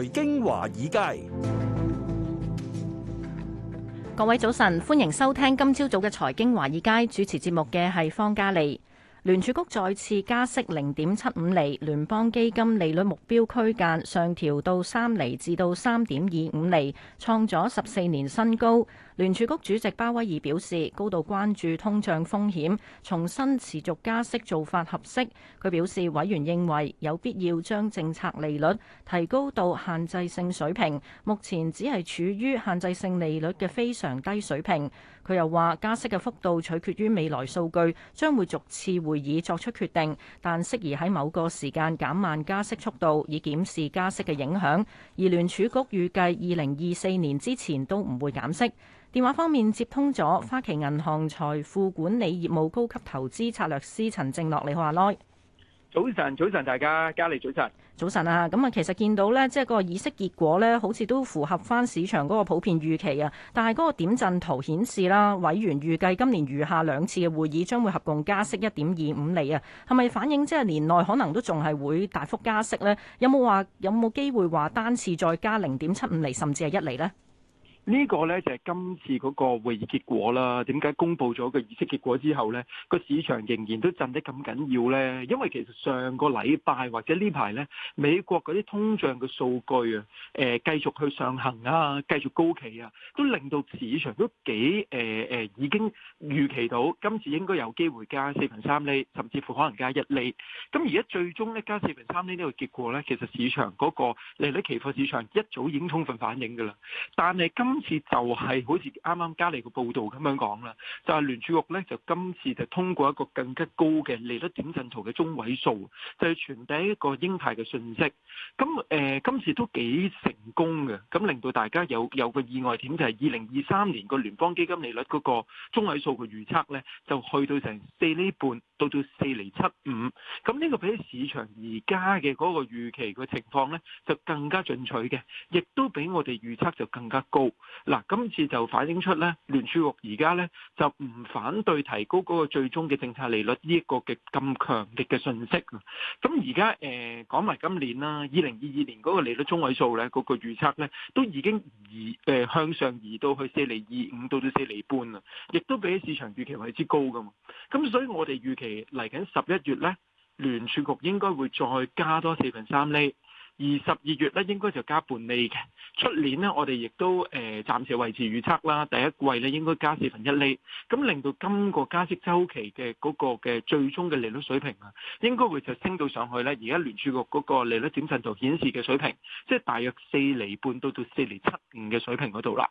財經華爾街，各位早晨，歡迎收聽今朝早嘅財經華爾街主持節目嘅係方嘉利。聯儲局再次加息零點七五厘，聯邦基金利率目標區間上調到三厘至到三點二五厘，創咗十四年新高。聯儲局主席鮑威爾表示高度關注通脹風險，重新持續加息做法合適。佢表示，委員認為有必要將政策利率提高到限制性水平，目前只係處於限制性利率嘅非常低水平。佢又話，加息嘅幅度取決於未來數據，將會逐次會議作出決定，但適宜喺某個時間減慢加息速度，以檢視加息嘅影響。而聯儲局預計二零二四年之前都唔會減息。電話方面接通咗花旗銀行財富管理業務高級投資策略師陳正樂，你好阿奶。早晨，早晨，大家加你早晨，早晨啊！咁啊，其實見到咧，即係個議息結果咧，好似都符合翻市場嗰個普遍預期啊。但係嗰個點陣圖顯示啦，委員預計今年餘下兩次嘅會議將會合共加息一點二五厘啊。係咪反映即係年內可能都仲係會大幅加息咧？有冇話有冇機會話單次再加零點七五厘，甚至係一厘呢？呢個呢，就係、是、今次嗰個會議結果啦。點解公佈咗個議息結果之後呢，個市場仍然都震得咁緊要呢？因為其實上個禮拜或者呢排呢，美國嗰啲通脹嘅數據啊，誒、呃、繼續去上行啊，繼續高企啊，都令到市場都幾誒誒，已經預期到今次應該有機會加四分三厘，甚至乎可能加一厘。咁而家最終呢，加四分三厘呢個結果呢，其實市場嗰、那個利率期貨市場一早已經充分反映㗎啦。但係今今次就係好似啱啱加嚟個報道咁樣講啦，就係、是、聯儲局呢，就今次就通過一個更加高嘅利率點陣圖嘅中位數，就係傳遞一個鷹派嘅訊息。咁誒、呃，今次都幾成功嘅，咁令到大家有有個意外點，就係二零二三年個聯邦基金利率嗰個中位數嘅預測呢，就去到成四厘半到到四厘七五。咁呢個比起市場而家嘅嗰個預期嘅情況呢，就更加進取嘅，亦都比我哋預測就更加高。嗱，今次就反映出咧聯儲局而家咧就唔反對提高嗰個最終嘅政策利率呢一、這個嘅咁強烈嘅信息。咁而家誒講埋今年啦，二零二二年嗰個利率中位數咧，嗰、嗰個預測咧都已經移誒、呃、向上移到去四厘二五到到四厘半啊，亦都比市場預期為之高噶嘛。咁所以我哋預期嚟緊十一月咧，聯儲局應該會再加多四分三厘。而十二月咧應該就加半厘嘅，出年咧我哋亦都誒暫時維持預測啦，第一季咧應該加四分一厘，咁令到今個加息周期嘅嗰個嘅最終嘅利率水平啊，應該會就升到上去咧，而家聯儲局嗰個利率點陣圖顯示嘅水平，即係大約四厘半到到四厘七五嘅水平嗰度啦。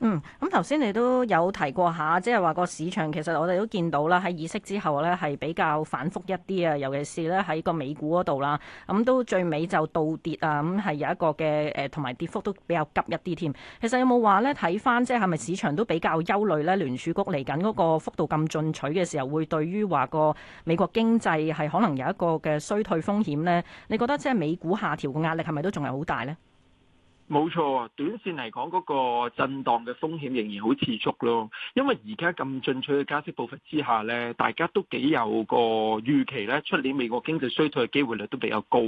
嗯，咁頭先你都有提過下，即係話個市場其實我哋都見到啦，喺議息之後咧係比較反覆一啲啊，尤其是咧喺個美股嗰度啦，咁、嗯、都最尾就倒跌啊，咁、嗯、係有一個嘅誒同埋跌幅都比較急一啲添。其實有冇話咧睇返，即係係咪市場都比較憂慮咧聯儲局嚟緊嗰個幅度咁進取嘅時候，會對於話個美國經濟係可能有一個嘅衰退風險咧？你覺得即係美股下調嘅壓力係咪都仲係好大咧？冇錯，短線嚟講，嗰個震盪嘅風險仍然好持續咯，因為而家咁進取嘅加息步伐之下咧，大家都幾有個預期呢，出年美國經濟衰退嘅機會率都比較高，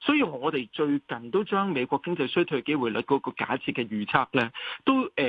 所以我哋最近都將美國經濟衰退嘅機會率嗰個假設嘅預測，呢都誒、呃、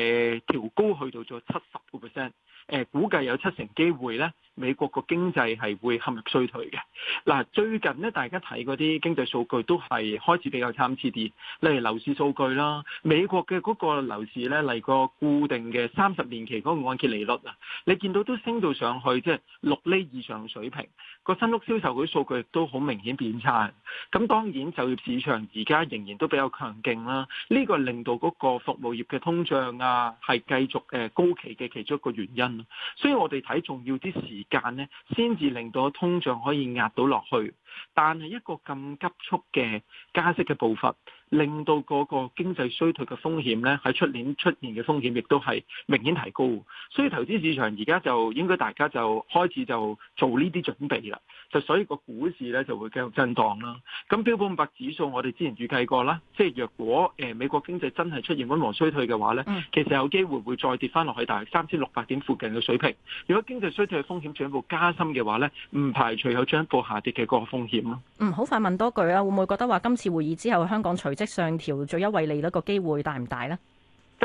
調高去到咗七十個 percent。誒、呃、估計有七成機會咧，美國個經濟係會陷入衰退嘅。嗱、啊，最近呢，大家睇嗰啲經濟數據都係開始比較參差啲，例如樓市數據啦，美國嘅嗰個樓市咧，嚟個固定嘅三十年期嗰個按揭利率啊，你見到都升到上去，即係六厘以上水平。個新屋銷售嗰數據都好明顯變差。咁當然就業市場而家仍然都比較強勁啦，呢、呢個令到嗰個服務業嘅通脹啊，係繼續誒高企嘅其中一個原因。所以我哋睇重要啲時間咧，先至令到通脹可以壓到落去，但係一個咁急速嘅加息嘅步伐，令到嗰個經濟衰退嘅風險呢，喺出年出現嘅風險亦都係明顯提高，所以投資市場而家就應該大家就開始就做呢啲準備啦。就所以個股市呢就會繼續震盪啦。咁標普五百指數，我哋之前預計過啦，即係若果誒美國經濟真係出現溫和衰退嘅話呢，其實有機會會再跌翻落去，大約三千六百點附近嘅水平。如果經濟衰退嘅風險進一步加深嘅話呢，唔排除有進一步下跌嘅嗰個風險咯。嗯，好快問多句啊，會唔會覺得話今次會議之後香港隨上調最優惠利率個機會大唔大咧？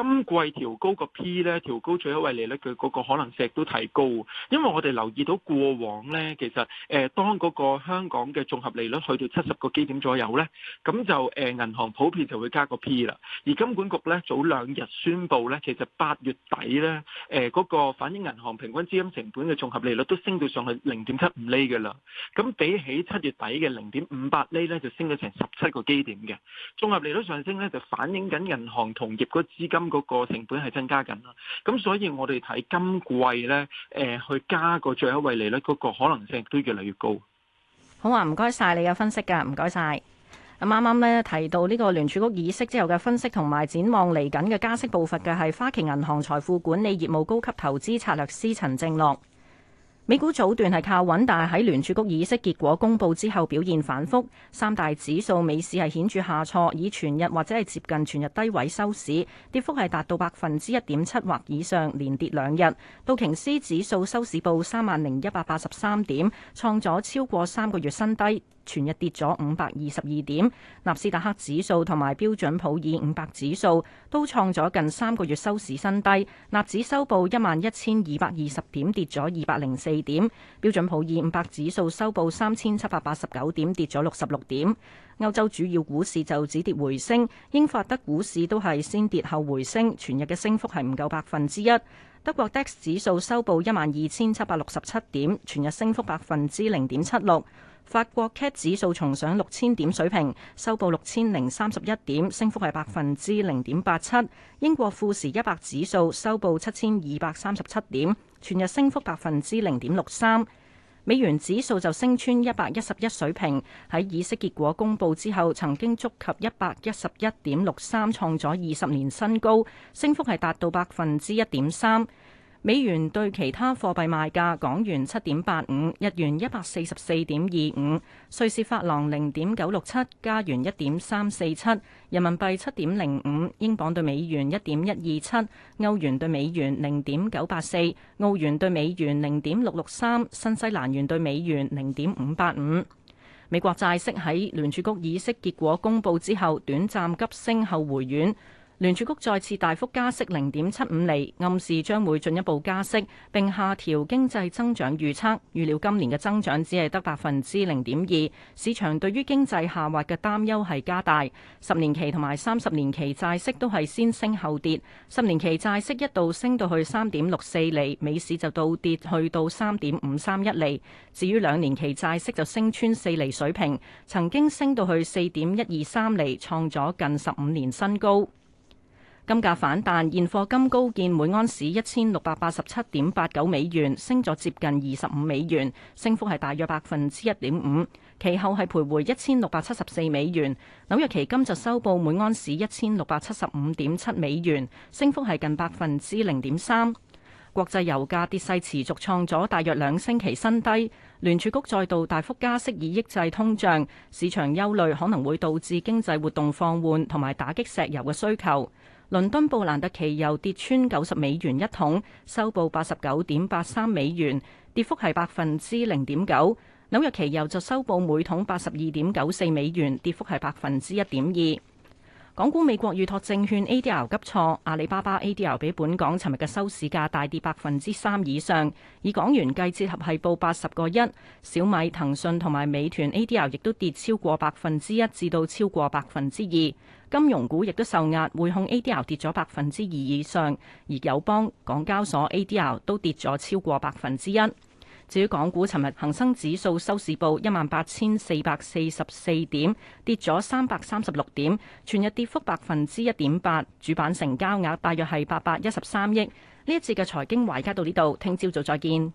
今季調高個 P 咧，調高最優惠利率，佢嗰個可能性都提高，因為我哋留意到過往咧，其實誒當嗰個香港嘅綜合利率去到七十個基點左右咧，咁就誒銀行普遍就會加個 P 啦。而金管局咧早兩日宣布咧，其實八月底咧誒嗰個反映銀行平均資金成本嘅綜合利率都升到上去零點七五厘㗎啦。咁比起七月底嘅零點五八厘咧，就升咗成十七個基點嘅綜合利率上升咧，就反映緊銀行同業嗰資金。嗰個成本係增加緊啦，咁所以我哋睇今季咧，誒去加個最優惠利率嗰個可能性都越嚟越高。好啊，唔該晒你嘅分析㗎，唔該晒。咁啱啱咧提到呢個聯儲局議息之後嘅分析同埋展望嚟緊嘅加息步伐嘅係花旗銀行財富管理業務高級投資策略師陳正樂。美股早段係靠穩，但係喺聯儲局議息結果公布之後，表現反覆。三大指數美市係顯著下挫，以全日或者係接近全日低位收市，跌幅係達到百分之一點七或以上，連跌兩日。道瓊斯指數收市報三萬零一百八十三點，創咗超過三個月新低，全日跌咗五百二十二點。納斯達克指數同埋標準普爾五百指數都創咗近三個月收市新低，納指收報一萬一千二百二十點，跌咗二百零四點。標準普爾五百指數收報三千七百八十九點，跌咗六十六點。歐洲主要股市就止跌回升，英法德股市都係先跌後回升，全日嘅升幅係唔夠百分之一。德國 DAX 指數收報一萬二千七百六十七點，全日升幅百分之零點七六。法國 CAC 指數重上六千點水平，收報六千零三十一點，升幅係百分之零點八七。英國富時一百指數收報七千二百三十七點。全日升幅百分之零點六三，美元指數就升穿一百一十一水平。喺議息結果公布之後，曾經觸及一百一十一點六三，創咗二十年新高，升幅係達到百分之一點三。美元兌其他貨幣賣價：港元七點八五，日元一百四十四點二五，瑞士法郎零點九六七，加元一點三四七，人民幣七點零五，英鎊對美元一點一二七，歐元對美元零點九八四，澳元對美元零點六六三，新西蘭元對美元零點五八五。美國債息喺聯儲局議息結果公佈之後，短暫急升後回軟。聯儲局再次大幅加息零點七五厘，暗示將會進一步加息，並下調經濟增長預測，預料今年嘅增長只係得百分之零點二。市場對於經濟下滑嘅擔憂係加大。十年期同埋三十年期債息都係先升後跌，十年期債息一度升到去三點六四厘，美市就倒跌去到三點五三一厘。至於兩年期債息就升穿四厘水平，曾經升到去四點一二三厘，創咗近十五年新高。金價反彈，現貨金高見每安士一千六百八十七點八九美元，升咗接近二十五美元，升幅係大約百分之一點五。其後係徘徊一千六百七十四美元。紐約期金就收報每安士一千六百七十五點七美元，升幅係近百分之零點三。國際油價跌勢持續，創咗大約兩星期新低。聯儲局再度大幅加息以抑制通脹，市場憂慮可能會導致經濟活動放緩同埋打擊石油嘅需求。倫敦布蘭特期油跌穿九十美元一桶，收報八十九點八三美元，跌幅係百分之零點九。紐約期油就收報每桶八十二點九四美元，跌幅係百分之一點二。港股美國預託證券 ADR 急挫，阿里巴巴 ADR 比本港尋日嘅收市價大跌百分之三以上，以港元計，折合係報八十個一。小米、騰訊同埋美團 ADR 亦都跌超過百分之一至到超過百分之二。金融股亦都受壓，匯控 ADR 跌咗百分之二以上，而友邦、港交所 ADR 都跌咗超過百分之一。至於港股，尋日恒生指數收市報一萬八千四百四十四點，跌咗三百三十六點，全日跌幅百分之一點八。主板成交額大約係八百一十三億。呢一節嘅財經華爾街到呢度，聽朝早再見。